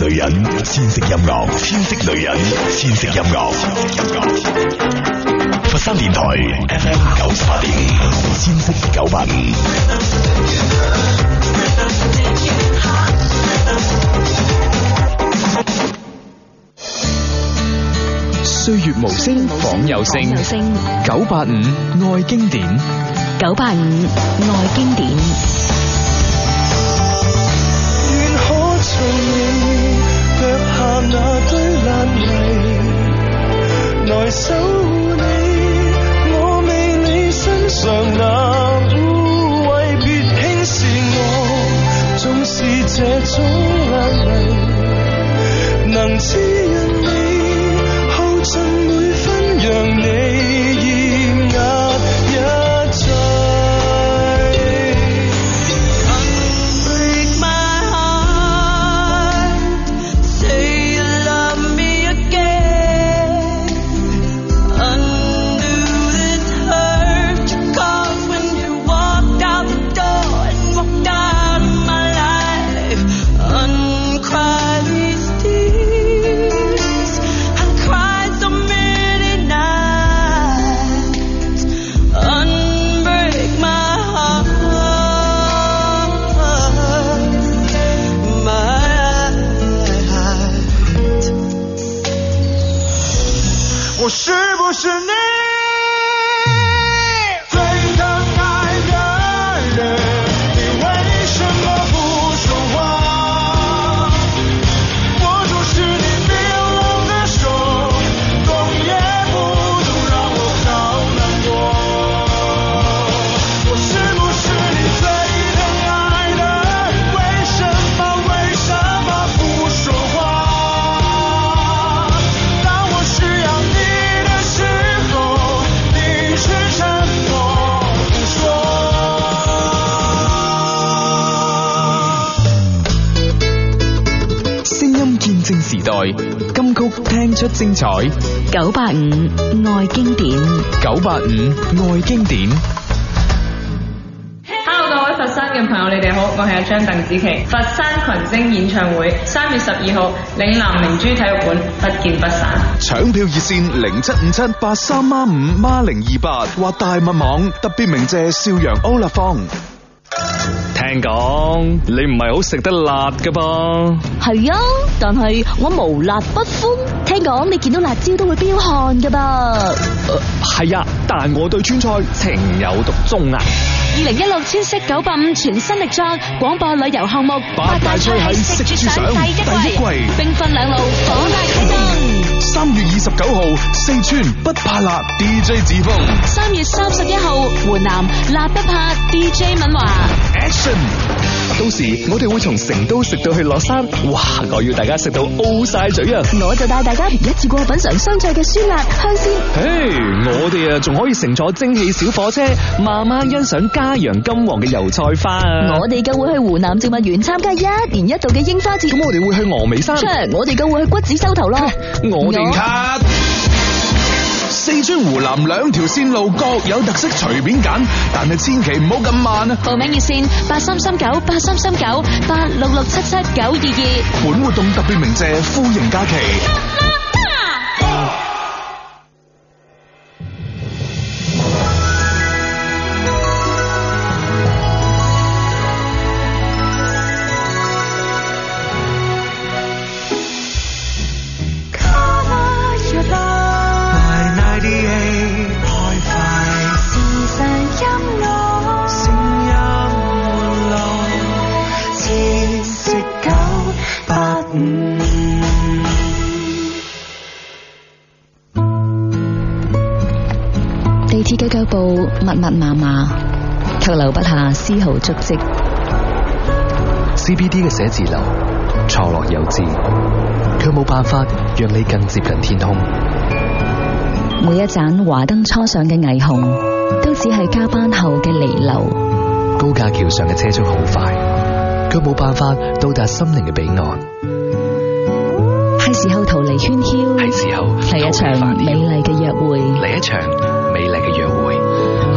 女人千色音樂，千色女人，千色音樂。音樂音樂佛山電台 FM 九十八點五，千色九八五。歲月無聲，仿有聲。九八五愛經典，九八五愛經典。那堆爛泥，來守護你。我為你身上那污穢，別輕視我。縱是這種爛泥，能滋潤你，耗盡每分，讓你。出精彩，九八五愛經典，九八五愛經典。Hello，各位佛山嘅朋友，你哋好，我係阿張鄧紫棋，佛山群星演唱會三月十二號嶺南明珠體育館，不見不散。搶票熱線零七五七八三孖五孖零二八或大麥網，特別鳴謝邵陽歐立方。聽講你唔係好食得辣噶噃？係啊，但係我無辣不歡。聽講你見到辣椒都會飆汗噶噃？係、呃、啊，但我對川菜情有獨鍾啊！二零一六千色九百五全新力作，廣播旅遊項目八大菜系食絕想，第一季兵分兩路，火辣啟動。三月二十九號，四川不怕辣 DJ 志峰。三月三十一號，湖南辣不怕 DJ 敏華。Action。到時我哋會從成都食到去樂山，哇！我要大家食到傲晒嘴啊！我就帶大家一次過品嘗湘菜嘅酸辣、香鮮。嘿，hey, 我哋啊，仲可以乘坐蒸汽小火車，慢慢欣賞嘉陽金黃嘅油菜花啊！我哋更會去湖南植物園參加一年一度嘅櫻花節。咁我哋會去峨眉山。Check, 我哋更會去橘子洲頭咯。Hey, 我哋卡。我四川、湖南兩條線路各有特色，隨便揀，但係千祈唔好咁慢啊！報名熱線：八三三九八三三九八六六七七九二二。本活動特別鳴謝富盈假期。密密麻麻，卻留不下絲毫足跡。CBD 嘅寫字樓錯落有致，卻冇辦法讓你更接近天空。每一盞華燈初上嘅霓虹，都只係加班後嘅離流。高架橋上嘅車速好快，卻冇辦法到達心靈嘅彼岸。係時候逃離喧囂，係時候嚟一場美麗嘅約會，嚟一場美麗嘅約會。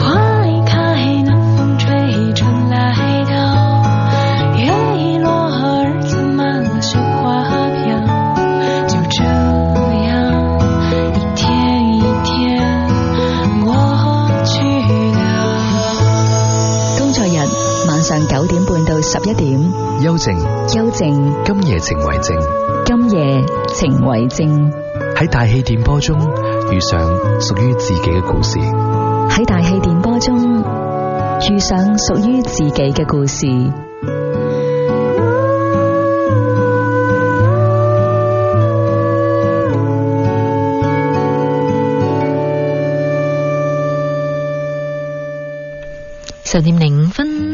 十一點，幽靜，幽靜，今夜情為證，今夜情為證。喺大氣電波中遇上屬於自己嘅故事，喺大氣電波中遇上屬於自己嘅故事。十點零五分。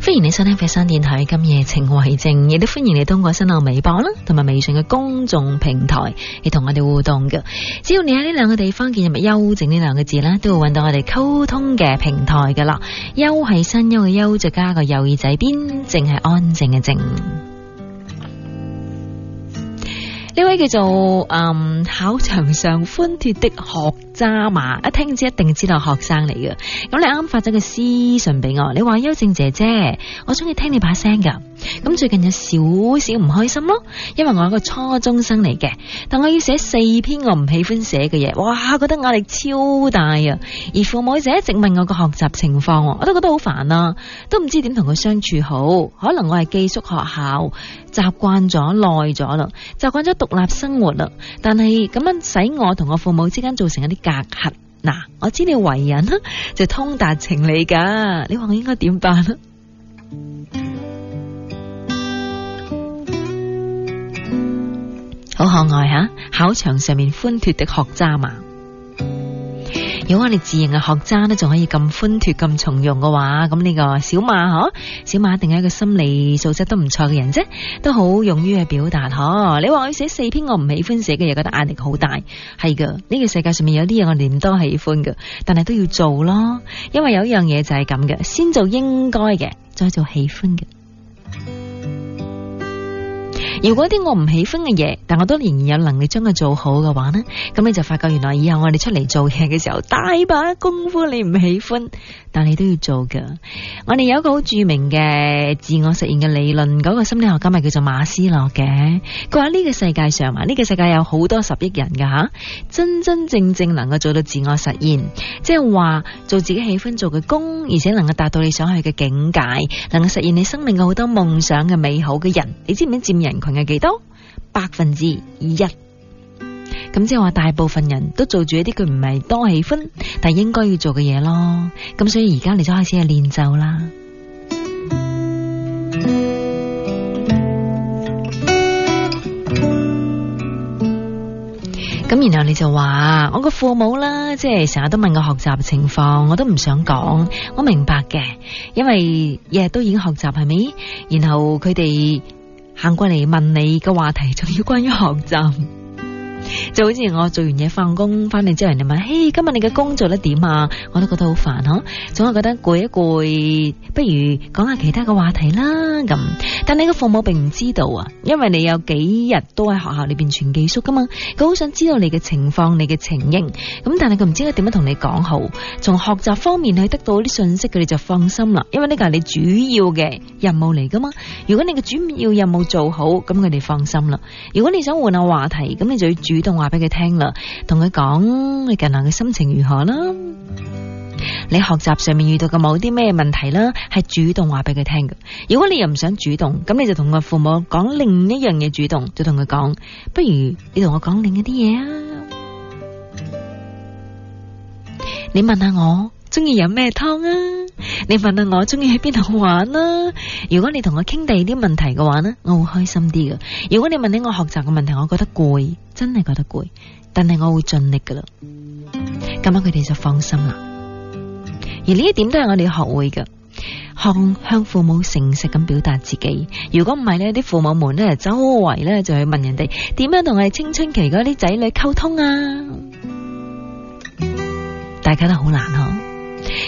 歡迎你收聽佛山電台今夜情為證，亦都歡迎你通過新浪微博啦，同埋微信嘅公眾平台嚟，同我哋互動嘅。只要你喺呢兩個地方見入咪幽靜呢兩個字咧，都會揾到我哋溝通嘅平台嘅啦。「幽」係「新幽」嘅「幽」，就加個右耳仔邊，靜係安靜嘅靜。呢位叫做嗯考場上歡脫的學渣嘛，一聽就一定知道是學生嚟嘅。咁你啱發咗個私信俾我，你話優靜姐姐，我中意聽你把聲㗎。咁最近有少少唔開心咯，因為我係個初中生嚟嘅，但我要寫四篇我唔喜歡寫嘅嘢，哇，覺得壓力超大啊！而父母就一直問我個學習情況，我都覺得好煩啊，都唔知點同佢相處好。可能我係寄宿學校，習慣咗耐咗啦，習慣咗獨立生活啦，但係咁樣使我同我父母之間造成一啲隔閡。嗱，我知你為人就通達情理噶，你話我應該點辦？好可愛吓，考場上面歡脫的學渣嘛，如果我哋自認嘅學渣呢，仲可以咁歡脫咁從容嘅話，咁呢個小馬嗬，小馬一定係一個心理素質都唔錯嘅人啫，都好勇於去表達嗬。你話我要寫四篇我唔喜歡寫嘅嘢，覺得壓力好大，係嘅，呢個世界上面有啲嘢我唔多喜歡嘅，但係都要做咯，因為有一樣嘢就係咁嘅，先做應該嘅，再做喜歡嘅。如果一啲我唔喜歡嘅嘢，但我都仍然有能力將佢做好嘅話呢？咁你就發覺原來以後我哋出嚟做嘢嘅時候，大把功夫你唔喜歡。但你都要做噶。我哋有一個好著名嘅自我實現嘅理論，嗰個心理學家咪叫做馬斯洛嘅。佢話呢個世界上啊，呢個世界有好多十億人嘅吓，真真正正能夠做到自我實現，即係話做自己喜歡做嘅工，而且能夠達到你想去嘅境界，能夠實現你生命嘅好多夢想嘅美好嘅人，你知唔知佔人群係幾多？百分之一。咁即係話，大部分人都做住一啲佢唔係多喜歡，但應該要做嘅嘢咯。咁所以而家你就開始係練習啦。咁、嗯、然後你就話，我個父母啦，即係成日都問我學習情況，我都唔想講。我明白嘅，因為日日都已經學習係咪？然後佢哋行過嚟問你個話題，仲要關於學習。就好似我做完嘢，放工翻嚟之後，人哋問：嘿、hey，今日你嘅工作得點啊？我都覺得好煩嗬，總係覺得攰一攰，不如講下其他嘅話題啦。咁，但你嘅父母並唔知道啊，因為你有幾日都喺學校裏邊全寄宿噶嘛，佢好想知道你嘅情況、你嘅情形。咁，但係佢唔知佢點樣同你講好。從學習方面去得到啲信息，佢哋就放心啦，因為呢個係你主要嘅任務嚟噶嘛。如果你嘅主要任務做好，咁佢哋放心啦。如果你想換下話題，咁你就要主動話俾佢聽啦，同佢講你近嚟嘅心情如何啦，你學習上面遇到嘅某啲咩問題啦，係主動話俾佢聽嘅。如果你又唔想主動，咁你就同個父母講另一樣嘢，主動就同佢講，不如你同我講另一啲嘢吖，你問下我。中意飲咩湯啊？你問下我中意去邊度玩啦。如果你同我傾第二啲問題嘅話呢，我會開心啲噶。如果你問啲我學習嘅問題，我覺得攰，真係覺得攰，但係我會盡力噶啦。咁樣，佢哋就放心啦。而呢一點都係我哋學會噶，向向父母誠實咁表達自己。如果唔係呢啲父母們咧周圍咧就去問人哋點樣同我哋青春期嗰啲仔女溝通啊，大家都好難嗬。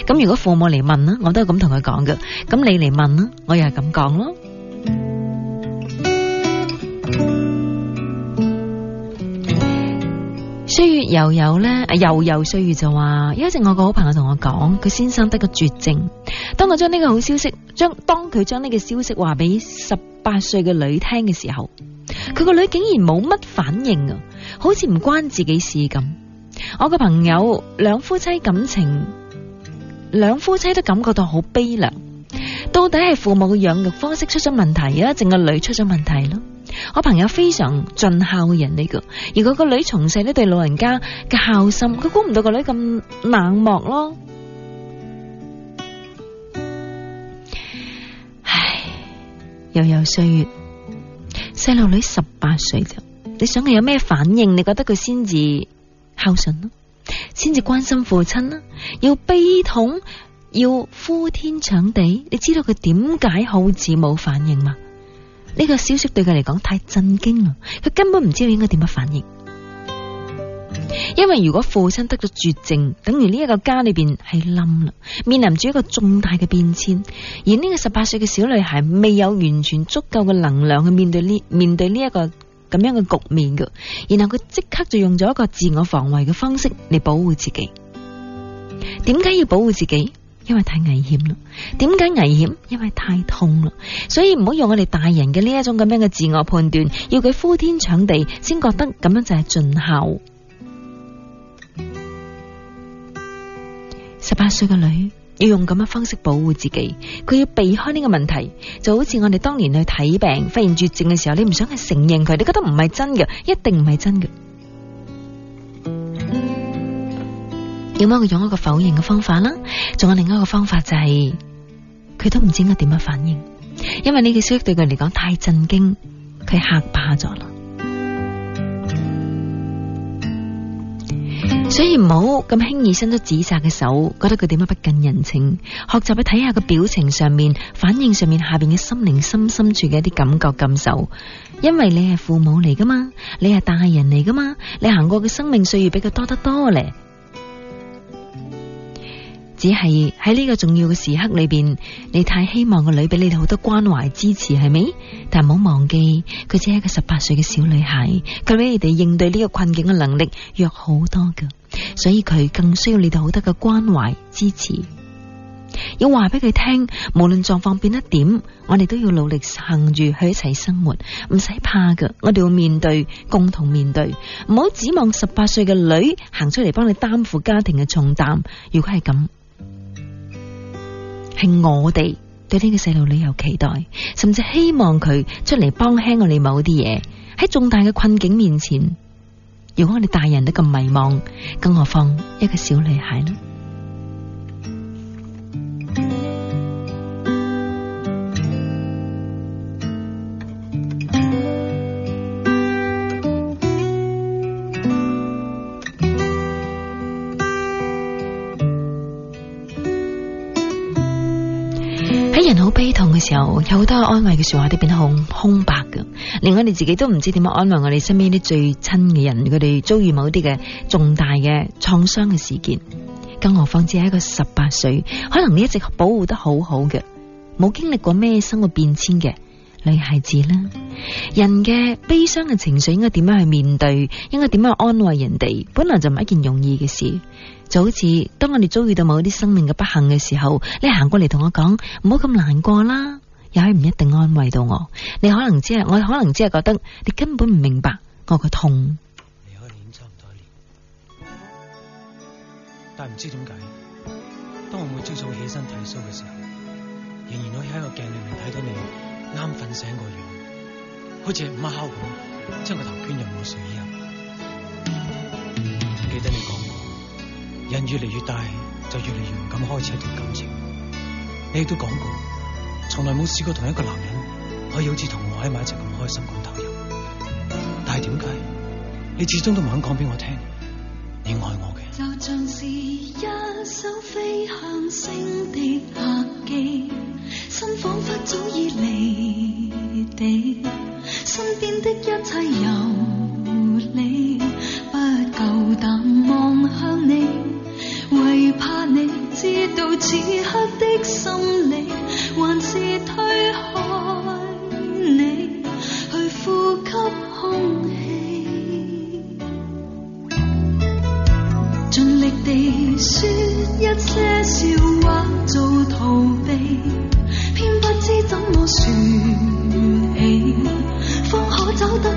咁如果父母嚟問啦，我都係咁同佢講嘅。咁你嚟問啦，我又係咁講咯。歲月悠悠咧，悠悠歲月就話，有一陣我個好朋友同我講，佢先生得個絕症。當我將呢個好消息，將當佢將呢個消息話俾十八歲嘅女聽嘅時候，佢個女竟然冇乜反應啊，好似唔關自己的事咁。我個朋友兩夫妻感情。兩夫妻都感覺到好悲涼，到底係父母嘅養育方式出咗問題啊，定個女出咗問題咯？我朋友非常盡孝嘅人嚟噶，而佢個女從細都對老人家嘅孝心，佢估唔到個女咁冷漠咯。唉，悠悠歲月，細路女十八歲咋？你想佢有咩反應？你覺得佢先至孝順咯？先至關心父親啦，要悲痛，要呼天搶地。你知道佢點解好似冇反應嗎？呢個消息對佢嚟講太震驚啦，佢根本唔知道應該點樣反應。因為如果父親得咗絕症，等於呢一個家裏邊係冧啦，面臨住一個重大嘅變遷。而呢個十八歲嘅小女孩未有完全足夠嘅能量去面對呢面對呢一個。咁樣嘅局面㗎，然後佢即刻就用咗一個自我防衛嘅方式嚟保護自己。點解要保護自己？因為太危險啦。點解危險？因為太痛啦。所以唔好用我哋大人嘅呢一種咁樣嘅自我判斷，要佢呼天搶地先覺得咁樣就係盡孝。十八歲嘅女。要用咁嘅方式保護自己，佢要避開呢個問題，就好似我哋當年去睇病發現絕症嘅時候，你唔想去承認佢，你覺得唔係真嘅，一定唔係真嘅，要麼佢用一個否認嘅方法啦，仲有另外一個方法就係、是、佢都唔知我點樣反應，因為呢件消息對佢嚟講太震驚，佢嚇怕咗啦。所以唔好咁輕易伸出指責嘅手，覺得佢點樣不近人情。學習去睇下個表情上面，反應上面，下邊嘅心靈深深處嘅一啲感覺感受。因為你係父母嚟噶嘛，你係大人嚟噶嘛，你行過嘅生命歲月比佢多得多咧。只係喺呢個重要嘅時刻裏邊，你太希望個女俾你哋好多關懷支持，係咪？但唔好忘記，佢只係一個十八歲嘅小女孩，佢比你哋應對呢個困境嘅能力弱好多噶，所以佢更需要你哋好多嘅關懷支持。要話俾佢聽，無論狀況變得點，我哋都要努力行住去一齊生活，唔使怕噶，我哋要面對，共同面對，唔好指望十八歲嘅女行出嚟幫你擔負家庭嘅重擔。如果係咁。係我哋對呢個細路女有期待，甚至希望佢出嚟幫輕我哋某啲嘢。喺重大嘅困境面前，如果我哋大人都咁迷茫，更何況一個小女孩呢？喺人好悲痛嘅時候，有好多安慰嘅說話都變得好空白㗎，令我哋自己都唔知點樣安慰我哋身邊啲最親嘅人，佢哋遭遇某啲嘅重大嘅創傷嘅事件，更何況只係一個十八歲，可能你一直保護得好好嘅，冇經歷過咩生活變遷嘅。女孩子啦，人嘅悲傷嘅情緒應該點樣去面對？應該點樣安慰人哋？本來就唔係一件容易嘅事。就好似當我哋遭遇到某啲生命嘅不幸嘅時候，你行過嚟同我講，唔好咁難過啦，又係唔一定安慰到我。你可能只係我可能只係覺得你根本唔明白我嘅痛。離開你差唔多一年，但係唔知點解，當我每朝早起身剃鬚嘅時候，仍然可以喺個鏡裏面睇到你。啱瞓醒個樣，好似貓咁，將個頭圈入個水入。記得你講過，人越嚟越大，就越嚟越唔敢開始一段感情。你亦都講過，從來冇試過同一個男人可以好似同我喺埋一齊咁開心咁投入。但係點解，你始終都唔肯講俾我聽，你愛我嘅？就像是一首飛向星的客機。心仿佛早已離地，身邊的一切遊離，不夠膽望向你，為怕你知道此刻的心理，還是推開你去呼吸空氣，盡力地說一些笑話做逃避。天不知怎麼說起，方可走得。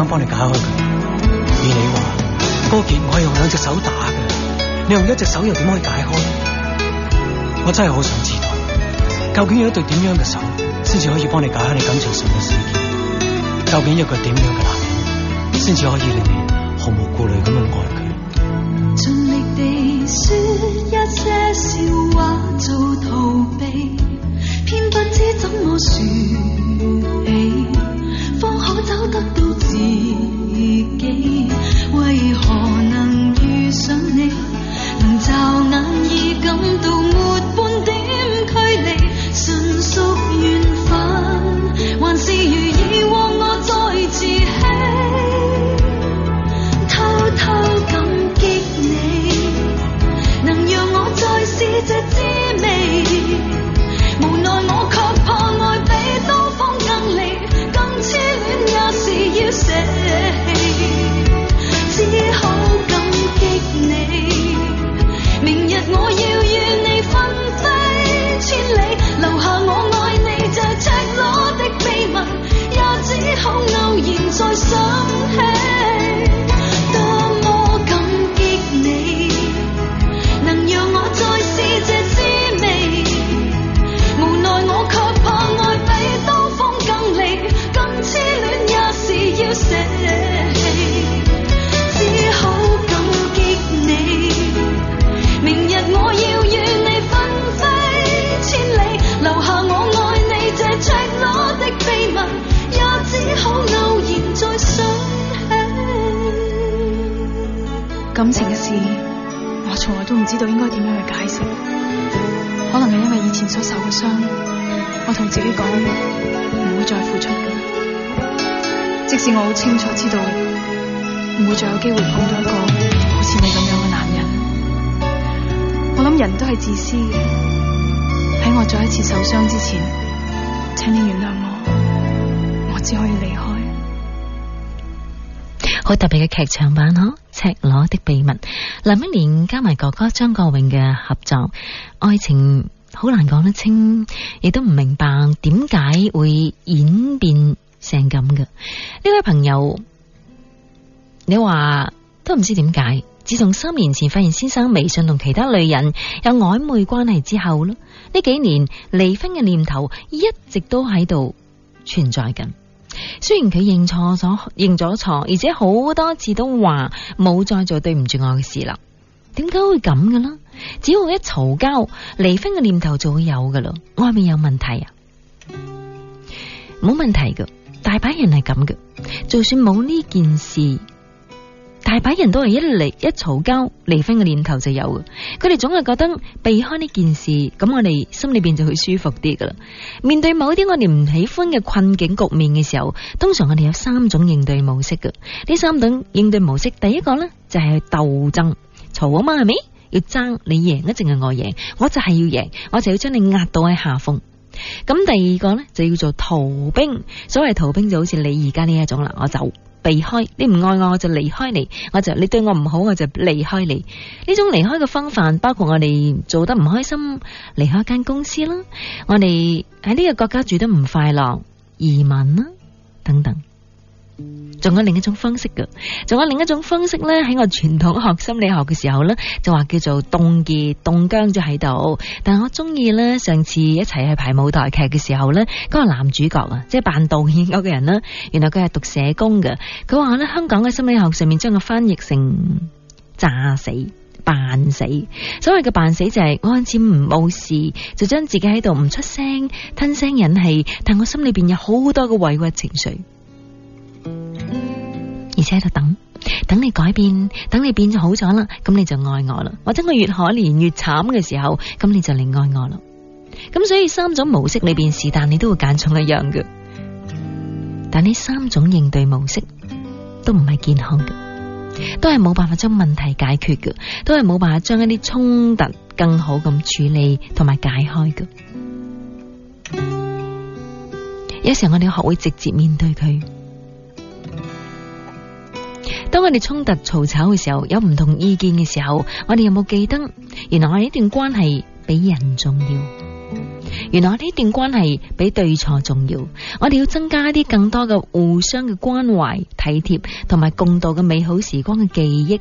想幫你解開佢，以你話，個結我可以用兩隻手打㗎，你用一隻手又點可以解開？我真係好想知道，究竟有一對點樣嘅手，先至可以幫你解開你感情上嘅死結？究竟一個點樣嘅男人，先至可以令你毫無顧慮咁樣愛佢？盡力地說一些笑話做逃避，偏不知怎麼說。劇場版嗬，赤裸的秘密，林憶蓮加埋哥哥張國榮嘅合作，愛情好難講得清，亦都唔明白點解會演變成咁嘅。呢位朋友，你話都唔知點解，自從三年前發現先生微信同其他女人有曖昧關係之後咯，呢幾年離婚嘅念頭一直都喺度存在緊。雖然佢認錯咗，認咗錯，而且好多次都話冇再做對唔住我嘅事啦。點解會咁嘅呢？只要一嘈交，離婚嘅念頭就會有噶啦。外面有問題啊？冇問題嘅，大把人係咁嘅。就算冇呢件事。大把人都係一嚟，一嘈交，離婚嘅念頭就有嘅。佢哋總係覺得避開呢件事，咁我哋心裏邊就會舒服啲噶啦。面對某啲我哋唔喜歡嘅困境局面嘅時候，通常我哋有三種應對模式嘅。呢三種應對模式，第一個呢就係鬥爭，嘈啊嘛，係咪要爭？你贏一定係我贏，我就係要贏，我就要將你壓到喺下風。咁第二個呢就叫做逃兵。所謂逃兵就好似你而家呢一種啦，我走。避開你唔愛我，我就離開你；我就你對我唔好，我就離開你。呢種離開嘅方法包括我哋做得唔開心，離開一間公司啦；我哋喺呢個國家住得唔快樂，移民啦，等等。仲有另一種方式噶，仲有另一種方式咧，喺我傳統學心理學嘅時候咧，就話叫做凍結、凍僵咗喺度。但係我中意咧，上次一齊去排舞台劇嘅時候咧，嗰、那個男主角啊，即係扮導演嗰個人啦，原來佢係讀社工噶。佢話咧，香港嘅心理學上面將我翻譯成詐死、扮死。所謂嘅扮死就係、是、我看似唔冇事，就將自己喺度唔出聲、吞聲忍氣，但我心裏邊有好多嘅委屈的情緒。而且喺度等，等你改變，等你變咗好咗啦，咁你就愛我啦。或者我越可憐越慘嘅時候，咁你就嚟愛我啦。咁所以三種模式裏邊是但你都會揀重一樣嘅。但呢三種應對模式都唔係健康嘅，都係冇辦法將問題解決嘅，都係冇辦法將一啲衝突更好咁處理同埋解開嘅。有時候我哋學會直接面對佢。當我哋衝突嘈吵嘅時候，有唔同意見嘅時候，我哋有冇記得？原來我呢段關係比人重要，原來我呢段關係比對錯重要。我哋要增加一啲更多嘅互相嘅關懷、體貼同埋共度嘅美好時光嘅記憶。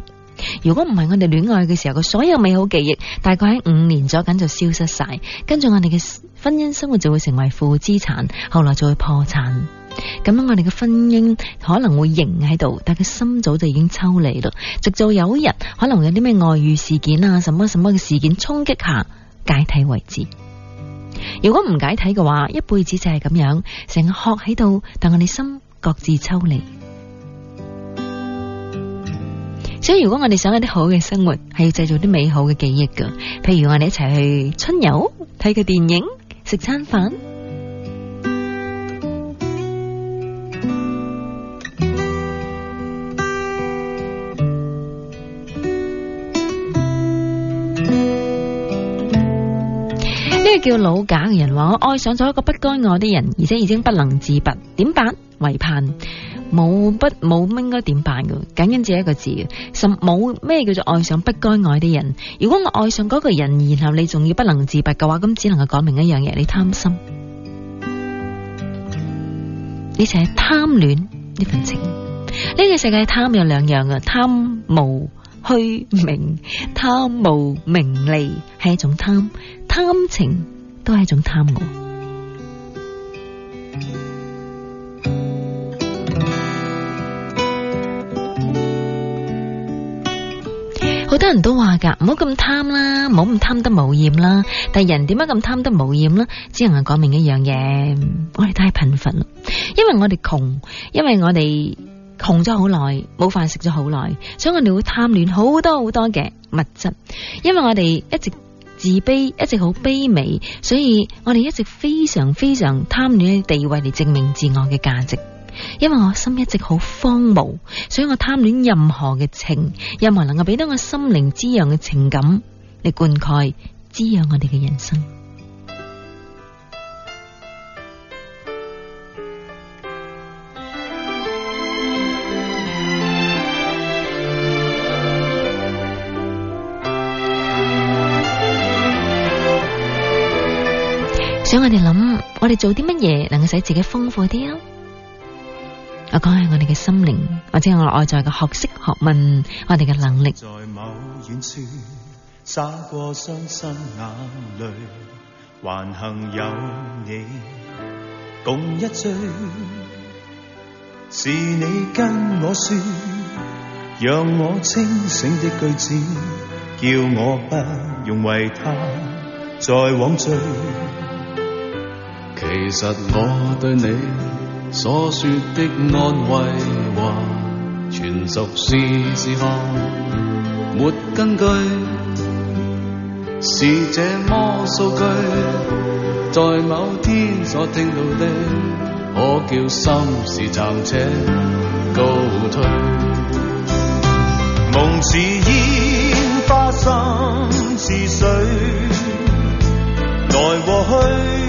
如果唔係我哋戀愛嘅時候嘅所有美好記憶，大概喺五年左緊就消失晒，跟住我哋嘅婚姻生活就會成為負資產，後來就會破產。咁樣我哋嘅婚姻可能會凝喺度，但佢心早就已經抽離咯。直到有一日，可能有啲咩外遇事件啊，什麼什麼嘅事件衝擊下解體為止。如果唔解體嘅話，一輩子就係咁樣成日學喺度，但我哋心各自抽離。所以如果我哋想有啲好嘅生活，係要製造啲美好嘅記憶噶。譬如我哋一齊去春遊，睇個電影，食餐飯。叫老假嘅人話：我愛上咗一個不該愛的人，而且已經不能自拔，點辦？維盼冇不冇咩應該點辦嘅？僅僅只係一個字，就冇咩叫做愛上不該愛的人。如果我愛上嗰個人，然後你仲要不能自拔嘅話，咁只能夠講明一樣嘢：你貪心，你淨係貪戀呢份情。呢個世界貪有兩樣嘅，貪無虛名，貪無名利係一種貪。貪情都係一種貪惡，好多人都話噶，唔好咁貪啦，唔好咁貪得無厭啦。但係人點解咁貪得無厭呢？只能係講明一樣嘢，我哋太貧乏啦。因為我哋窮，因為我哋窮咗好耐，冇飯食咗好耐，所以我哋會貪戀好多好多嘅物質。因為我哋一直。自卑一直好卑微，所以我哋一直非常非常貪戀地位嚟證明自我嘅價值。因為我心一直好荒蕪，所以我貪戀任何嘅情，任何能夠俾到我心靈滋養嘅情感嚟灌溉滋養我哋嘅人生。想我哋諗，我哋做啲乜嘢能夠使自己豐富啲啊？我講下我哋嘅心靈，或者我哋外在嘅學識、學問，我哋嘅能力。在某遠處，灑過傷心眼淚，還幸有你，共一醉。是你跟我說，讓我清醒的句子，叫我不用為他再枉醉。其實我對你所說的安慰話，全屬是時候，沒根據。是這麼數句，在某天所聽到的，可叫心事暫且告退。夢似煙花，心似水，來和去。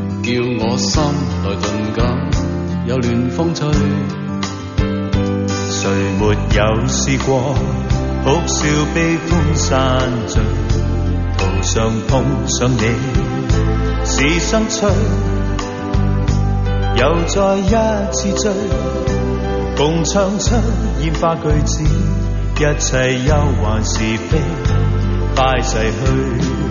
叫我心來頓感有暖風吹，誰沒有試過哭笑悲歡散聚，途上碰上你是生趣，又再一次追，共唱出煙花句子，一切憂患是非快逝去。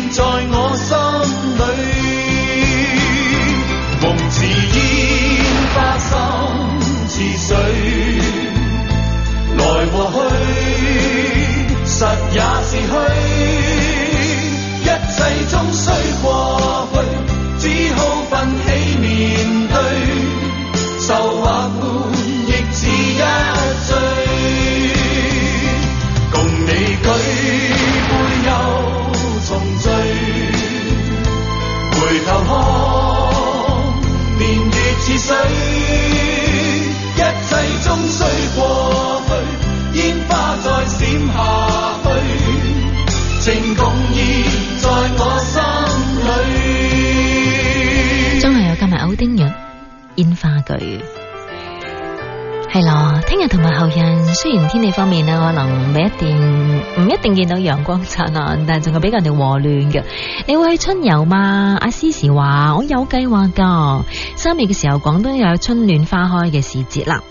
後雖然天氣方面呢，可能唔一定唔一定見到陽光燦爛，但係仲係比較哋和暖嘅。你會去春遊嗎？阿詩詩話我有計劃噶，三月嘅時候廣東又有春暖花開嘅時節啦。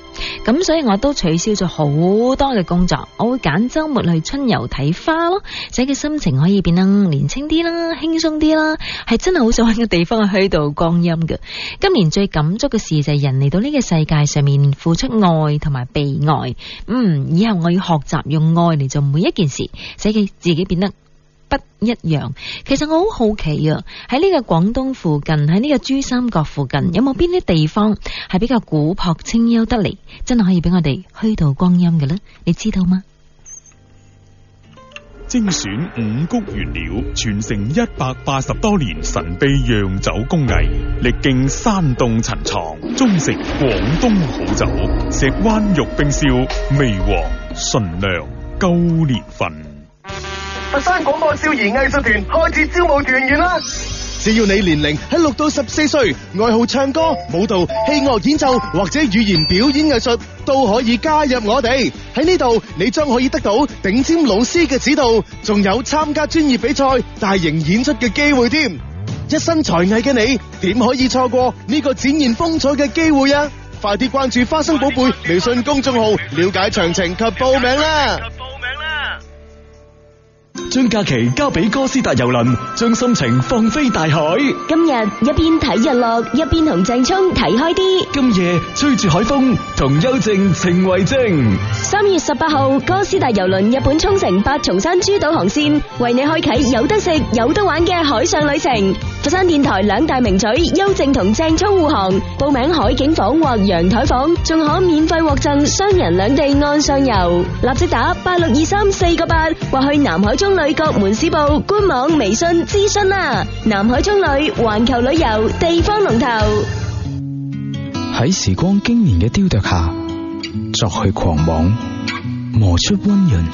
咁所以我都取消咗好多嘅工作，我會揀周末去春遊睇花咯，使佢心情可以變得年輕啲啦、輕鬆啲啦，係真係好想喺個地方去虛度光陰嘅。今年最感觸嘅事就係人嚟到呢個世界上面付出愛同埋被愛，嗯，以後我要學習用愛嚟做每一件事，使佢自己變得。不一樣，其實我好好奇啊！喺呢個廣東附近，喺呢個珠三角附近，有冇邊啲地方係比較古朴清幽得嚟，真係可以俾我哋虛度光陰嘅呢？你知道嗎？精選五谷原料，傳承一百八十多年神秘釀酒工藝，歷經山洞陳藏，中式廣東好酒，石灣玉冰燒，微黃純糧夠年份。佛山廣播少兒藝術團開始招募團員啦！只要你年齡喺六到十四歲，愛好唱歌、舞蹈、器樂演奏或者語言表演藝術，都可以加入我哋。喺呢度，你將可以得到頂尖老師嘅指導，仲有參加專業比賽、大型演出嘅機會添。一身才藝嘅你，點可以錯過呢個展現風采嘅機會啊！快啲關注花生寶貝微信公眾號，了解詳情及報名啦！將假期交俾哥斯達郵輪，將心情放飛大海。今日一邊睇日落，一邊同鄭聰睇開啲。今夜吹住海風，同幽靜情為證。三月十八號，哥斯達郵輪日本沖繩八重山諸島航線為你開啟有得食有得玩嘅海上旅程。佛山電台兩大名嘴幽靜同鄭聰護航，報名海景房或陽台房，仲可免費獲贈雙人兩地岸上遊。立即打八六二三四個八，或去南海中。中旅各門市部官網微信諮詢啦，南海中旅環球旅遊地方龍頭。喺時光經年嘅雕琢下，作去狂妄，磨出溫潤。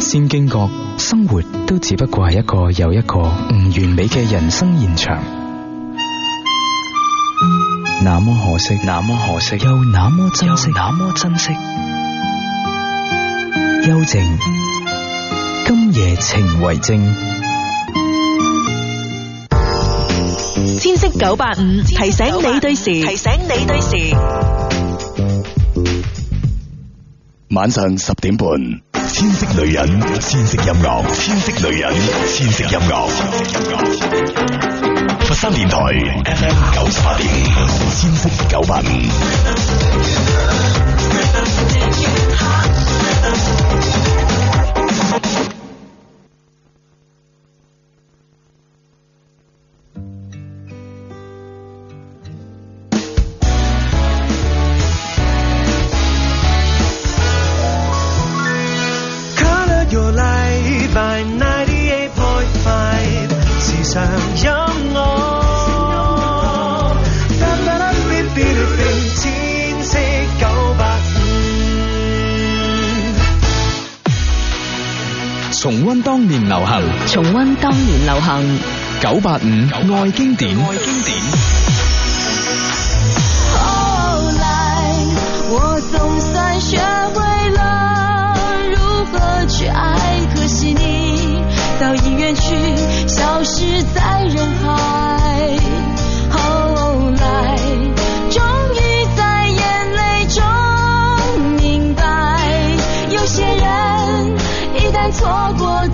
先驚覺，生活都只不過係一個又一個唔完美嘅人生現場。嗯、那麼可惜，那麼可惜，又那麼珍惜，那麼珍惜。幽靜。夜情為證，千色九八五提醒你對時，提醒你對時。晚上十點半，千色女人，千色音樂，千色女人，千色音樂。佛山電台 FM 九十八點，千色九八五。 流行，重溫當年流行九八五愛經典。愛經典。後來，我總算學會了如何去愛，可惜你早已遠去，消失在人海。後來。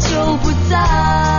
就不再。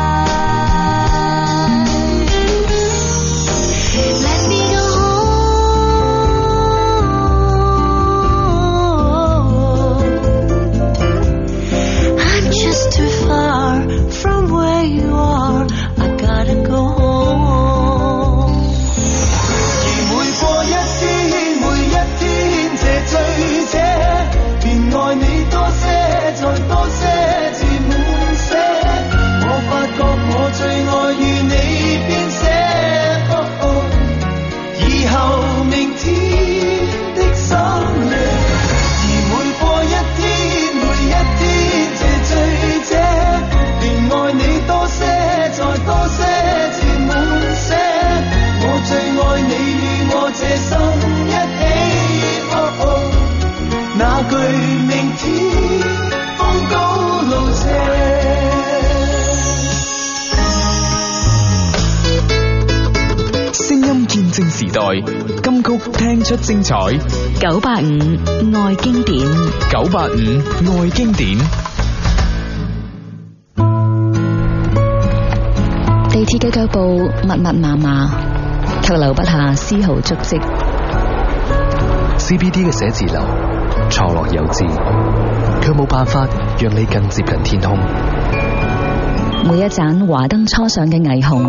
出精彩九八五愛經典，九八五愛經典。地鐵嘅腳步密密麻麻，却留不下絲毫足迹。CBD 嘅寫字樓錯落有致，却冇辦法讓你更接近天空。每一盞華燈初上嘅霓虹，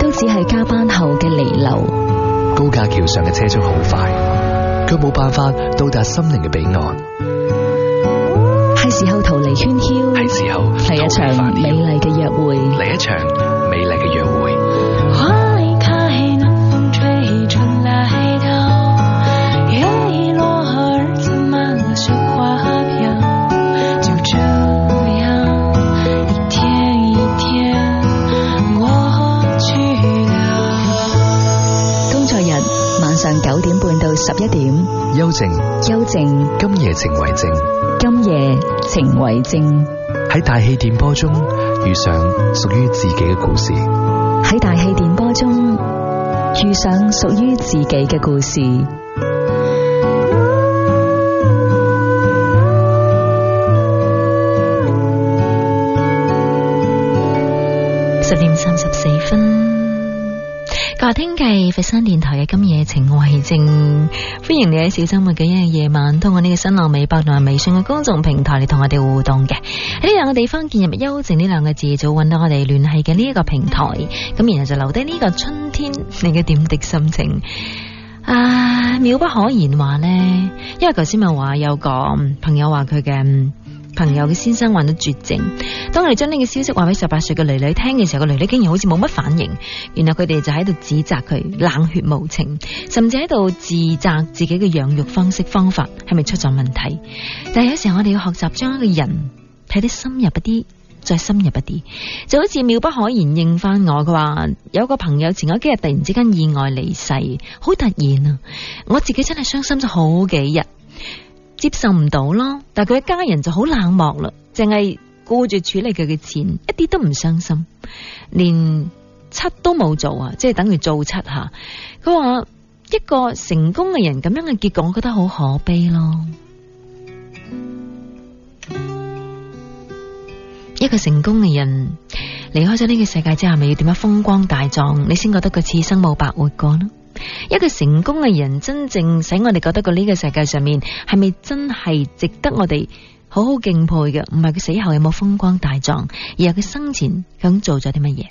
都只係加班後嘅離流。高架橋上嘅車速好快，佢冇辦法到達心靈嘅彼岸。係時候逃離喧囂，係時候嚟一場美麗嘅約會，嚟一場美麗嘅約會。一點，幽靜靜，幽靜靜，今夜情為證，今夜情為證。喺大氣電波中遇上屬於自己嘅故事，喺大氣電波中遇上屬於自己嘅故事。十點三十四分。話聽記佛山電台嘅今夜情為證，歡迎你喺小周末嘅一日夜晚，通過呢個新浪微博同埋微信嘅公眾平台嚟同我哋互動嘅。喺呢兩個地方，見入埋幽靜呢兩個字，就揾到我哋聯繫嘅呢一個平台，咁然後就留低呢個春天你嘅點滴心情啊，妙不可言話呢，因為頭先咪話有個朋友話佢嘅。朋友嘅先生患咗絕症，當我哋將呢個消息話俾十八歲嘅女女聽嘅時候，個女女竟然好似冇乜反應，然後佢哋就喺度指責佢冷血無情，甚至喺度自責自己嘅養育方式方法係咪出咗問題。但係有時候我哋要學習將一個人睇得深入一啲，再深入一啲，就好似妙不可言應翻我嘅話，有個朋友前嗰幾日突然之間意外離世，好突然啊！我自己真係傷心咗好幾日。接受唔到咯，但係佢一家人就好冷漠啦，淨係顧住處理佢嘅錢，一啲都唔傷心，連七都冇做啊，即係等於做七下。佢話一個成功嘅人咁樣嘅結果，我覺得好可悲咯。 一個成功嘅人離開咗呢個世界之後，咪要點樣風光大葬，你先覺得佢此生冇白活過呢？一個成功嘅人，真正使我哋覺得個呢個世界上面係咪真係值得我哋好好敬佩嘅？唔係佢死後有冇風光大葬，而係佢生前咁做咗啲乜嘢？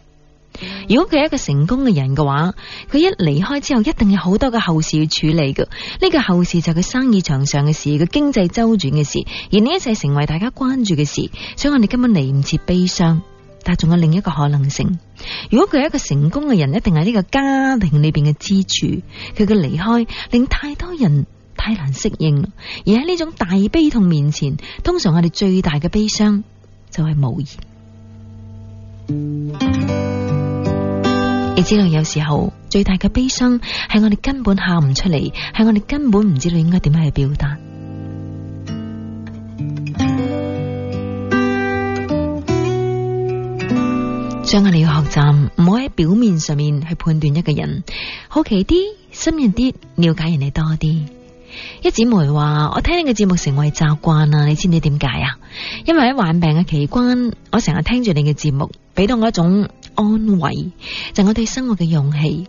如果佢係一個成功嘅人嘅話，佢一離開之後，一定有好多嘅後事要處理嘅。呢、這個後事就係佢生意場上嘅事，佢經濟周轉嘅事，而呢一切成為大家關注嘅事，所以我哋根本嚟唔切悲傷。但仲有另一個可能性，如果佢係一個成功嘅人，一定係呢個家庭裏邊嘅支柱。佢嘅離開令太多人太難適應，而喺呢種大悲痛面前，通常我哋最大嘅悲傷就係無言。你知道有時候最大嘅悲傷係我哋根本喊唔出嚟，係我哋根本唔知道應該點樣去表達。將我哋要學習唔好喺表面上面去判斷一個人，好奇啲，深入啲，了解人哋多啲。一姊妹話：我聽你嘅節目成為習慣啦，你知唔知點解啊？因為喺患病嘅期間，我成日聽住你嘅節目，俾到我一種安慰，就是、我對生活嘅勇氣。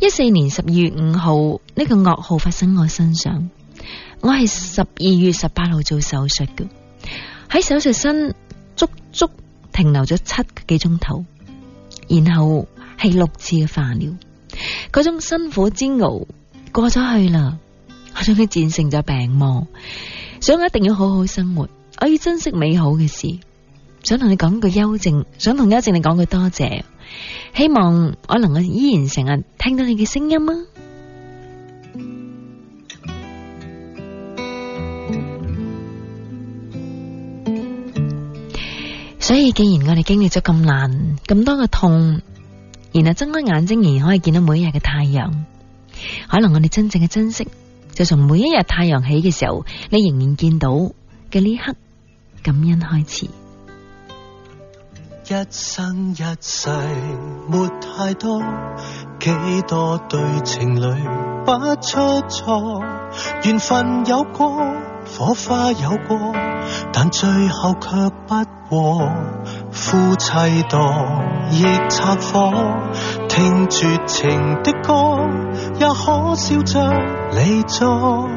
一四年十二月五、這個、號呢個噩耗發生我身上，我係十二月十八號做手術嘅，喺手術身足足。停留咗七個幾鐘頭，然後係六次嘅化療，嗰種辛苦煎熬過咗去啦。我終於戰勝咗病魔，想我一定要好好生活，我要珍惜美好嘅事。想同你講句休靜，想同休靜你講句多謝。希望我能夠依然成日聽到你嘅聲音啊！所以，既然我哋經歷咗咁難、咁多嘅痛，然後睜開眼睛仍然可以見到每一日嘅太陽，可能我哋真正嘅珍惜，就從每一日太陽起嘅時候，你仍然見到嘅呢刻感恩開始。一生一世沒太多，幾多對情侶不出錯，緣分有過，火花有過。但最後卻不和，夫妻檔亦拆夥。聽絕情的歌，也可笑着離座。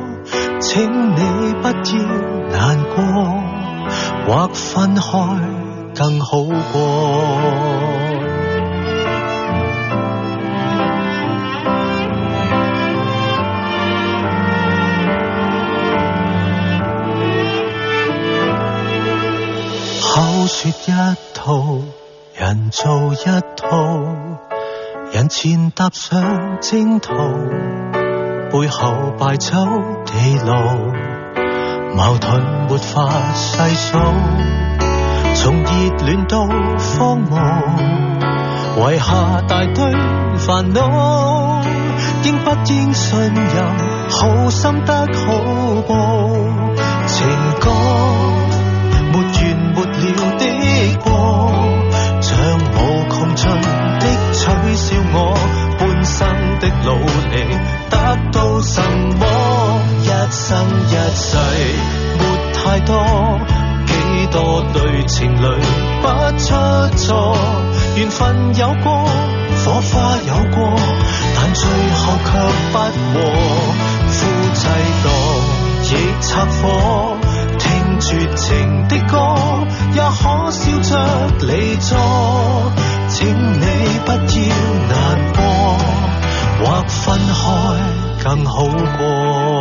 請你不要難過，或分開更好過。說一套，人做一套，人前踏上征途，背後敗走地牢，矛盾沒法細數，從熱戀到荒蕪，遺下大堆煩惱，應不應信任？好心得好報，情歌。沒完沒了的過，像無窮盡的取笑我，半生的努力得到什麼？一生一世沒太多，幾多對情侶不出錯，緣分有過，火花有過，但最後卻不和，夫妻檔亦拆夥。絕情的歌，也可笑着離座。請你不要難過，或分開更好過。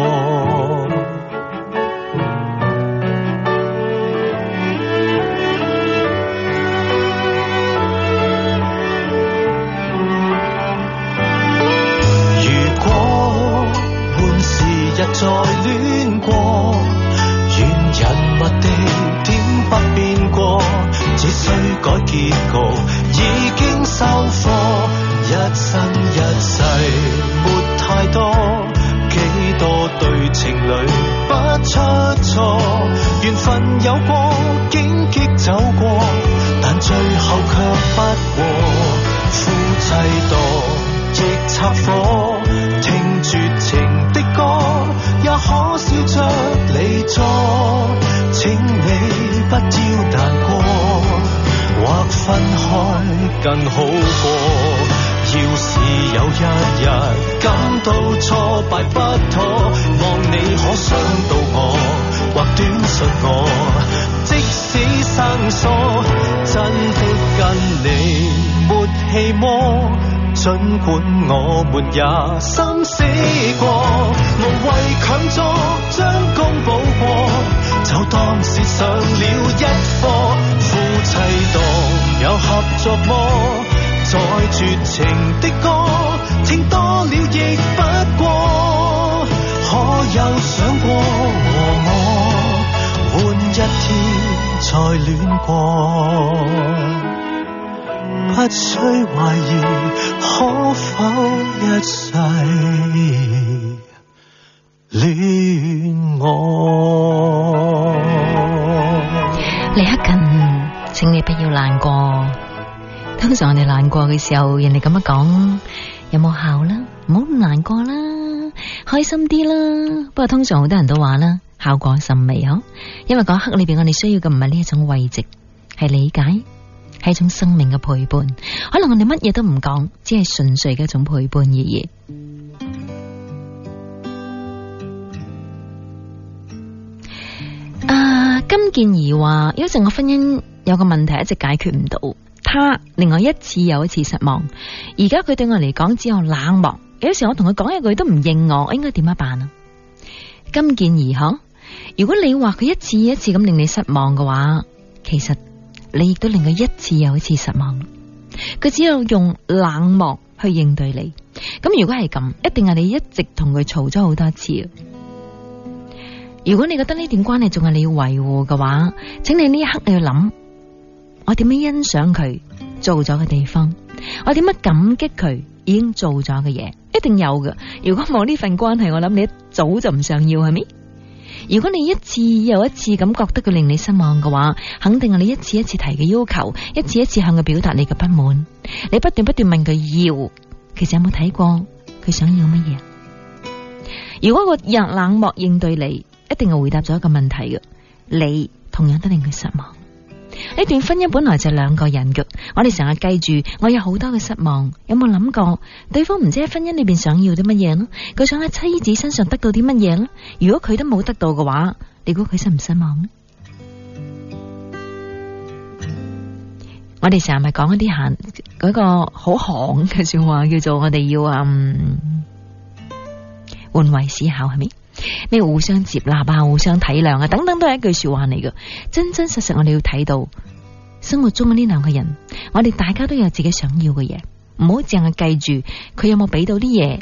要難過，通常我哋難過嘅時候，人哋咁樣講，有冇效啦？唔好咁難過啦，開心啲啦。不過通常好多人都話啦，效果甚微哦，因為嗰刻裏邊，我哋需要嘅唔係呢一種慰藉，係理解，係一種生命嘅陪伴。可能我哋乜嘢都唔講，只係純粹嘅一種陪伴而已。嗯、啊，金健儀話：，有陣我婚姻。有個問題一直解決唔到，他令我一次又一次失望。而家佢對我嚟講只有冷漠，有時我同佢講一句都唔應我，應該點樣辦啊？金健儀嗬，如果你話佢一次一次咁令你失望嘅話，其實你亦都令佢一次又一次失望。佢只有用冷漠去應對你。咁如果係咁，一定係你一直同佢嘈咗好多次。如果你覺得呢段關係仲係你要維護嘅話，請你呢一刻你要諗。我點樣欣賞佢做咗嘅地方？我點樣感激佢已經做咗嘅嘢？一定有㗎！如果冇呢份關係，我諗你一早就唔想要，係咪？如果你一次又一次咁覺得佢令你失望嘅話，肯定係你一次一次提嘅要求，一次一次向佢表達你嘅不滿，你不斷不斷問佢要，其實有冇睇過佢想要乜嘢？如果個人冷漠應對你，一定係回答咗一個問題嘅，你同樣都令佢失望。呢段婚姻本來就係兩個人嘅，我哋成日記住，我有好多嘅失望，有冇諗過對方唔知喺婚姻裏邊想要啲乜嘢咯？佢想喺妻子身上得到啲乜嘢咧？如果佢都冇得到嘅話，你估佢失唔失望咧？ 我哋成日咪講一啲、那個、行嗰個好行嘅說話，叫做我哋要嗯換位思考係咪？是你互相接納啊，互相體諒啊，等等都係一句說話嚟嘅。真真實實我，我哋要睇到生活中嘅呢兩個人，我哋大家都有自己想要嘅嘢，唔好淨係記住佢有冇俾到啲嘢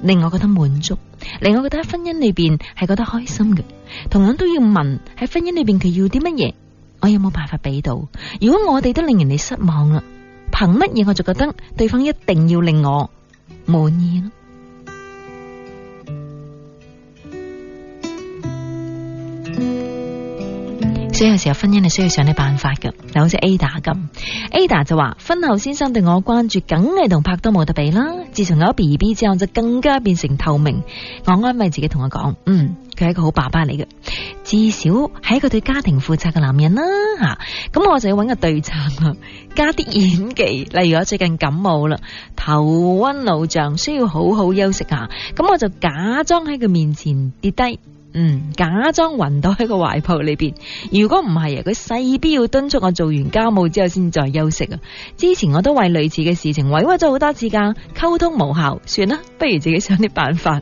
令我覺得滿足，令我覺得婚姻裏邊係覺得開心嘅。同樣都要問喺婚姻裏邊佢要啲乜嘢，我有冇辦法俾到？如果我哋都令人哋失望啦，憑乜嘢我就覺得對方一定要令我滿意咯。所以有時候婚姻係需要想啲辦法噶，就好似 Ada 咁，Ada 就話婚後先生對我關注梗係同拍都冇得比啦。自從有咗 B B 之後就更加變成透明。我安慰自己同佢講，嗯，佢係一個好爸爸嚟嘅，至少係一個對家庭負責嘅男人啦。吓，咁我就要揾個對策啊，加啲演技。例如我最近感冒啦，頭暈腦脹，需要好好休息啊。咁我就假裝喺佢面前跌低。嗯，假裝暈倒喺個懷抱裏邊。如果唔係啊，佢勢必要敦促我做完家務之後先再休息啊。之前我都為類似嘅事情委屈咗好多次噶溝通無效，算啦，不如自己想啲辦法。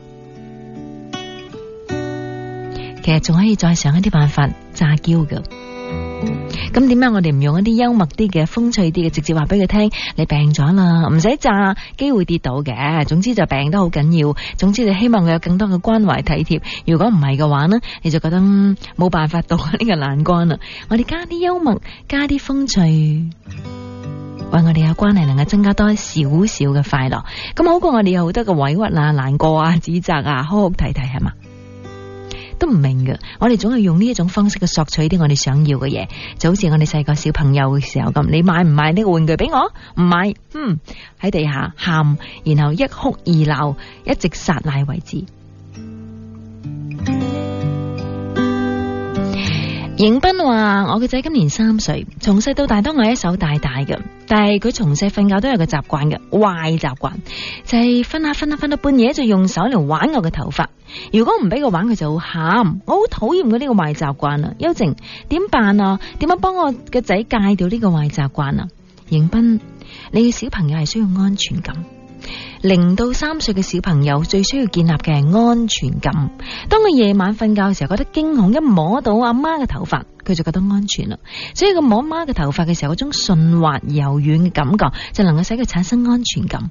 其實仲可以再想一啲辦法詐嬌噶炸咁點解我哋唔用一啲幽默啲嘅、風趣啲嘅，直接話俾佢聽你病咗啦，唔使炸機會跌倒嘅。總之就病得好緊要，總之你希望佢有更多嘅關懷體貼。如果唔係嘅話呢，你就覺得冇，嗯，辦法渡呢個難關啦。我哋加啲幽默，加啲風趣，為我哋嘅關係能夠增加多少少嘅快樂，咁好過我哋有好多嘅委屈啊、難過啊、指責啊，好好睇睇係嘛。都唔明嘅，我哋總係用呢一種方式去索取啲我哋想要嘅嘢，就好似我哋細個小朋友嘅時候咁，你買唔買呢個玩具俾我？唔買，嗯，喺地下喊，然後一哭二鬧，一直撒賴為止。迎賓話：我個仔今年三歲，從細到大都我一手帶大嘅。但係佢從細瞓覺都有個習慣嘅，壞習慣就係瞓下瞓下瞓到半夜就用手嚟，玩我嘅頭髮。如果唔俾佢玩，佢就會喊。我好討厭佢呢個壞習慣啊！優靜，點辦啊？點樣幫我個仔戒掉呢個壞習慣啊？迎賓，你嘅小朋友係需要安全感。零到三歲嘅小朋友最需要建立嘅係安全感。當佢夜晚瞓覺嘅時候，覺得驚恐，一摸到阿媽嘅頭髮，佢就覺得安全啦，所以佢摸媽嘅頭髮嘅時候，嗰種順滑柔軟嘅感覺就能夠使佢產生安全感。呢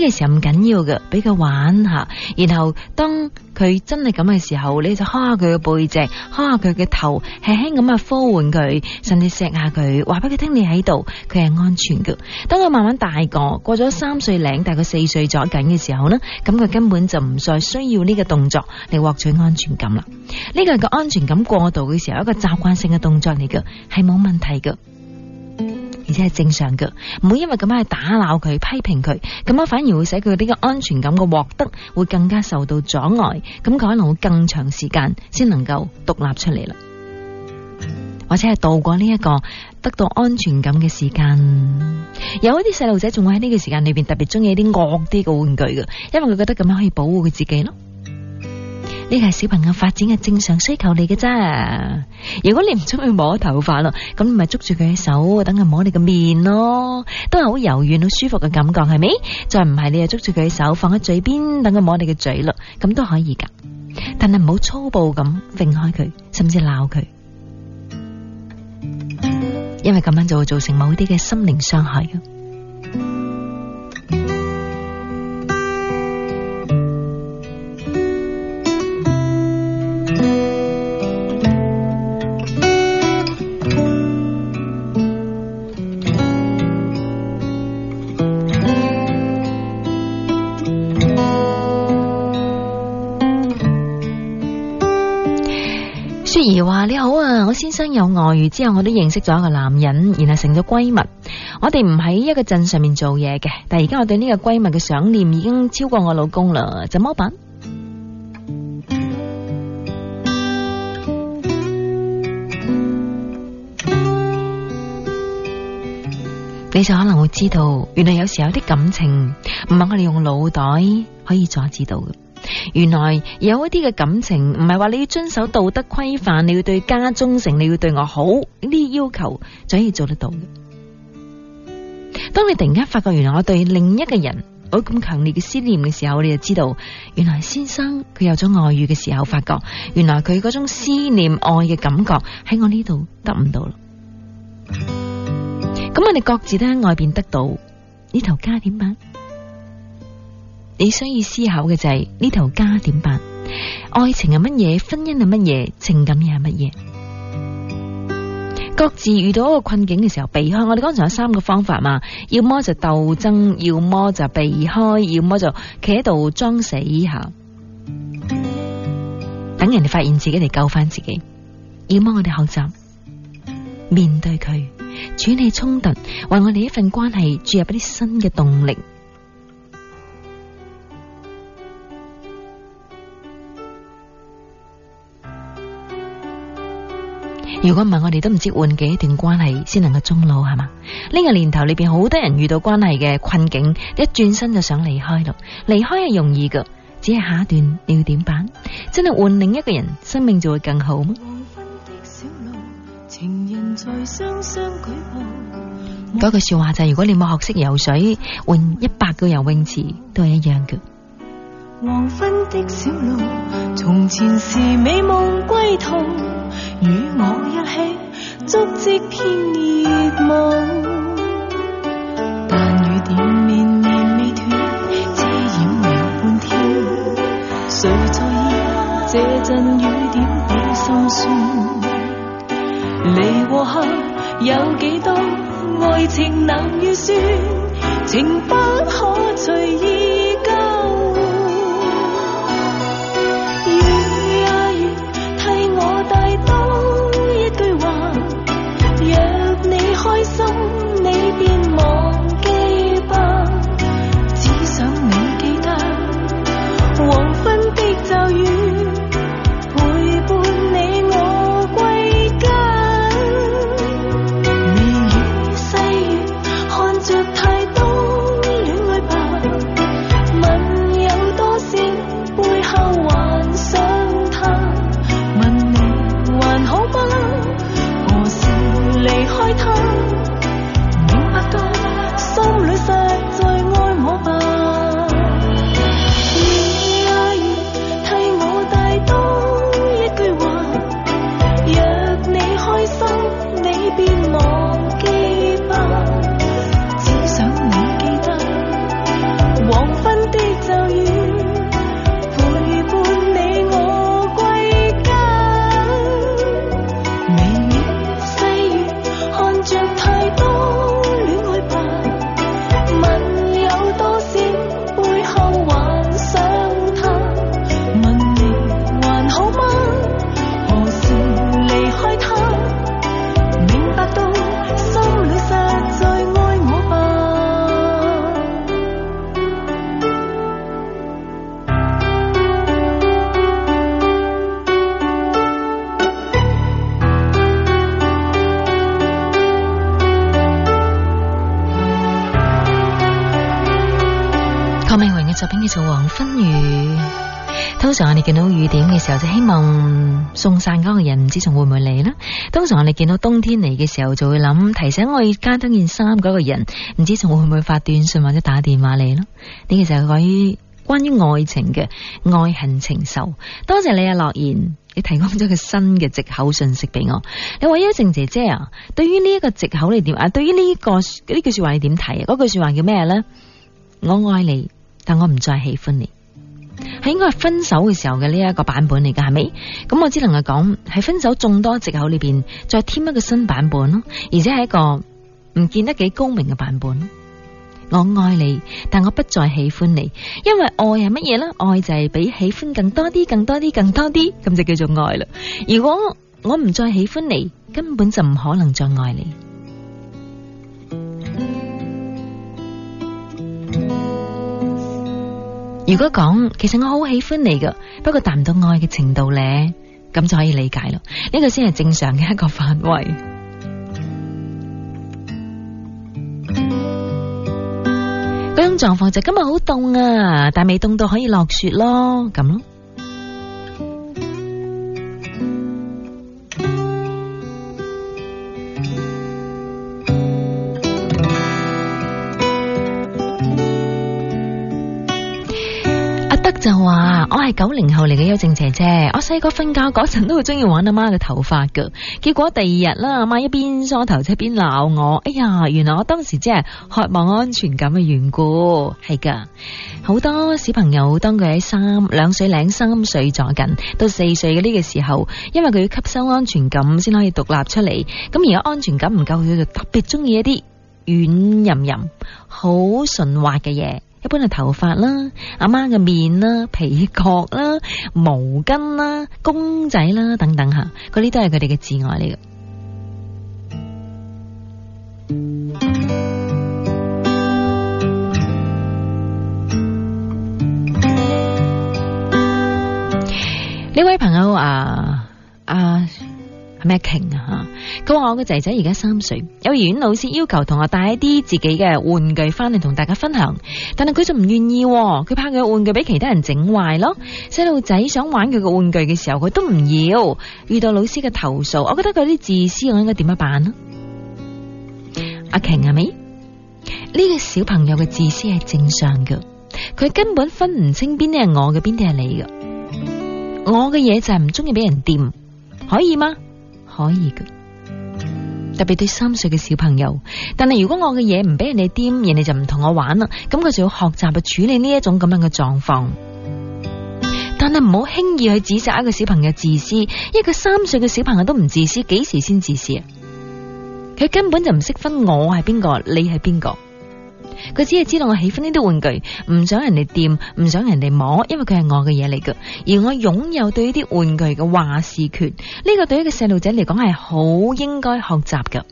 個時候唔緊要嘅，俾佢玩下。然後當佢真係咁嘅時候，你就哈下佢嘅背脊，哈下佢嘅頭，輕輕咁啊呼喚佢，甚至錫下佢，話俾佢聽你喺度，佢係安全嘅。當佢慢慢大個，過咗三歲零，大概四歲左近嘅時候呢，咁佢根本就唔再需要呢個動作嚟獲取安全感啦。呢個係個安全感過度嘅時候，一個習慣性嘅動作嚟嘅，係冇問題嘅，而且係正常嘅。唔會因為咁樣去打鬧佢、批評佢，咁樣反而會使佢呢個安全感嘅獲得會更加受到阻礙，咁佢可能會更長時間先能夠獨立出嚟啦，或者係度過呢一個得到安全感嘅時間。有一啲細路仔仲會喺呢個時間裏邊特別中意啲惡啲嘅玩具嘅，因為佢覺得咁樣可以保護佢自己咯。呢個係小朋友發展嘅正常需求嚟嘅啫。如果你唔中意摸頭髮咯，咁咪捉住佢嘅手，等佢摸你嘅面咯，都係好柔軟、好舒服嘅感覺，係咪？再唔係你又捉住佢嘅手放喺嘴邊，等佢摸你嘅嘴咯，咁都可以噶。但係唔好粗暴咁甩開佢，甚至鬧佢，因為咁樣就會造成某啲嘅心靈傷害嘅。有外遇之後，我都認識咗一個男人，然後成咗閨蜜。我哋唔喺一個鎮上面做嘢嘅，但係而家我對呢個閨蜜嘅想念已經超過我老公啦，怎麼辦？ 你就可能會知道，原來有時候有啲感情唔係我哋用腦袋可以阻止到。原來有一啲嘅感情唔係話你要遵守道德規範，你要對家忠誠，你要對我好呢啲要求，就可以做得到？當你突然間發覺原來我對另一個人我咁強烈嘅思念嘅時候，你就知道原來先生佢有咗外遇嘅時候，發覺原來佢嗰種思念愛嘅感覺喺我呢度得唔到啦。咁我哋各自都喺外邊得到呢頭家點辦？你需要思考嘅就係呢頭家點辦？愛情係乜嘢？婚姻係乜嘢？情感又係乜嘢？各自遇到一個困境嘅時候，避開。我哋剛才有三個方法嘛，要麼就鬥爭，要麼就避開，要麼就企喺度裝死下，等人哋發現自己嚟救翻自己。要麼我哋學習面對佢，處理衝突，為我哋一份關係注入一啲新嘅動力。如果唔係，我哋都唔知換幾段關係先能夠終老係嘛？呢個年頭裏邊，好多人遇到關係嘅困境，一轉身就想離開咯。離開係容易噶，只係下一段你要點辦？真係換另一個人，生命就會更好嗎？黃昏的小路，情人在雙雙舉步。嗰句說話就係：如果你冇學識游水，換一百個游泳池都係一樣嘅。黃昏的小路，從前是美夢歸途，與我一起足迹遍熱舞。但雨點綿綿未斷，遮掩了半天，誰在意這陣雨點比心酸？離和後有幾多，愛情難預算，情不可隨意。知仲會唔會嚟咧？通常我哋見到冬天嚟嘅時候，就會諗提醒我要加多件衫嗰個人，唔知仲會唔會發短信或者打電話嚟咯？呢個就係關於關於愛情嘅愛恨情仇。多謝你啊，樂言，你提供咗個新嘅借口信息俾我。你話一靜姐姐啊，對於呢一個借口你點啊？對於呢、這個呢句說話你點睇啊？嗰句說話叫咩呢？「我愛你，但我唔再喜歡你。係應該係分手嘅時候嘅呢一個版本嚟噶，係咪？咁我只能係講，喺分手眾多借口裏邊，再添一個新版本咯。而且係一個唔見得幾高明嘅版本。我愛你，但我不再喜歡你，因為愛係乜嘢咧？愛就係比喜歡更多啲、更多啲、更多啲，咁就叫做愛啦。如果我唔再喜歡你，根本就唔可能再愛你。如果講，其實我好喜歡你噶，不過達唔到愛嘅程度咧，咁就可以理解咯。呢、這個先係正常嘅一個範圍。嗰、嗯、種狀況就是，今日好凍啊，但未凍到可以落雪咯，咁咯。我係九零後嚟嘅邱靜姐姐，我細個瞓覺嗰陣都會中意玩阿媽嘅頭髮噶，結果第二日啦，阿媽一邊梳頭即係一邊鬧我，哎呀，原來我當時真係渴望安全感嘅緣故，係噶，好多小朋友當佢喺三兩歲、兩三歲咗緊，到四歲嘅呢個時候，因為佢要吸收安全感先可以獨立出嚟，咁而家安全感唔夠他，佢就特別中意一啲軟吟吟、好順滑嘅嘢。一般係頭髮啦，阿媽嘅面啦，皮革啦，毛巾啦，公仔啦，等等吓，嗰啲都係佢哋嘅摯愛嚟嘅。呢位朋友啊，啊。咩 King 啊，佢話我個仔仔而家三歲，幼兒園老師要求同學帶一啲自己嘅玩具翻嚟同大家分享，但係佢就唔願意，佢怕佢玩具俾其他人整壞咯。細路仔想玩佢個玩具嘅時候，佢都唔要。遇到老師嘅投訴，我覺得佢啲自私，我應該點樣辦呢？阿 King 係咪？呢個小朋友嘅自私係正常嘅，佢根本分唔清邊啲係我嘅，邊啲係你嘅。我嘅嘢就係唔中意俾人掂，可以嗎？可以嘅，特別對三歲嘅小朋友。但係如果我嘅嘢唔俾人哋掂，人哋就唔同我玩啦。咁佢就要學習去處理呢一種咁樣嘅狀況。但係唔好輕易去指責一個小朋友自私。一個三歲嘅小朋友都唔自私，幾時先自私啊？佢根本就唔識分我係邊個，你係邊個。佢只係知道我喜歡呢啲玩具，唔想人哋掂，唔想人哋摸，因為佢係我嘅嘢嚟噶。而我擁有對呢啲玩具嘅話事權，呢、這個對於一個細路仔嚟講係好應該學習噶。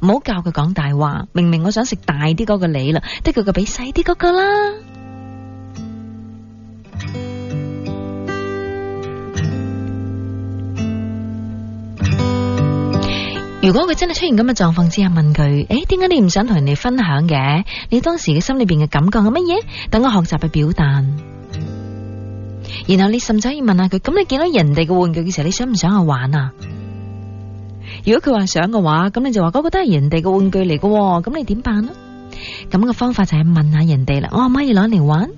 唔好教佢講大話，明明我想食大啲嗰個你啦，得佢、個畀細啲嗰個啦。如果佢真係出現咁嘅狀況之下問佢：誒，點解你唔想同人哋分享嘅？你當時嘅心裏邊嘅感覺係乜嘢？等我學習去表達。然後你甚至可以問下佢：咁你見到人哋嘅玩具嘅時候，你想唔想去玩啊？如果佢話想嘅話，咁你就話：嗰個都係人哋嘅玩具嚟嘅，咁你點辦啊？咁嘅方法就係問下人哋啦。我可唔可以攞嚟玩？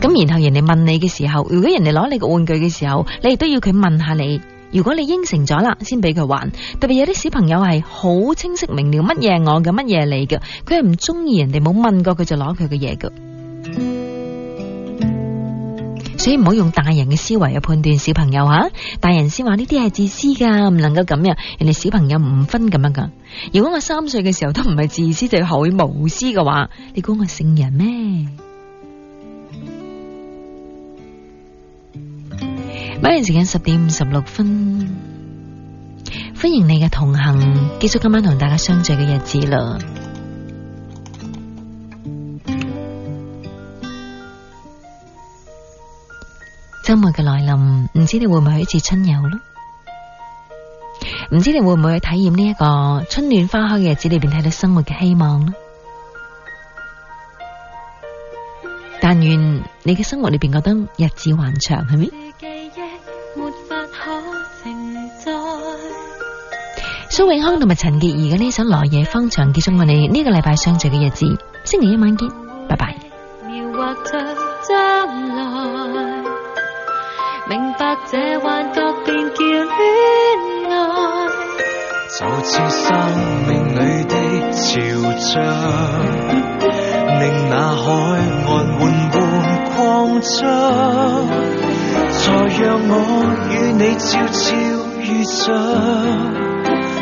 咁然後人哋問你嘅時候，如果人哋攞你個玩具嘅時候，你亦都要佢問下你。如果你應承咗啦，先俾佢還，特別有啲小朋友係好清晰明了，乜嘢我嘅、乜嘢你嘅，佢係唔中意人哋冇問過佢就攞佢嘅嘢嘅，嗯、所以唔好用大人嘅思維去判斷小朋友吓，大人先話呢啲係自私噶，唔能夠咁樣，人哋小朋友唔分咁樣噶如果我三歲嘅時候都唔係自私，就要學會無私嘅話，你估我聖人咩？晚一段時間十點五十六分，歡迎你嘅同行，結束今晚同大家相聚嘅日子啦。周末嘅來臨，唔知你會唔會去一次春遊咯？唔知你會唔會去體驗呢一個春暖花開嘅日子裏邊睇到生活嘅希望呢？但願你嘅生活裏邊覺得日子還長，係咪？蘇永康同埋陳潔儀嘅呢首《來夜方長》，結束我哋呢個禮拜相聚嘅日子。星期一晚見，拜拜。描畫着將來，明白這幻覺便叫戀愛，就似生命裡的潮漲，令那海岸緩緩擴張才讓我與你悄悄遇上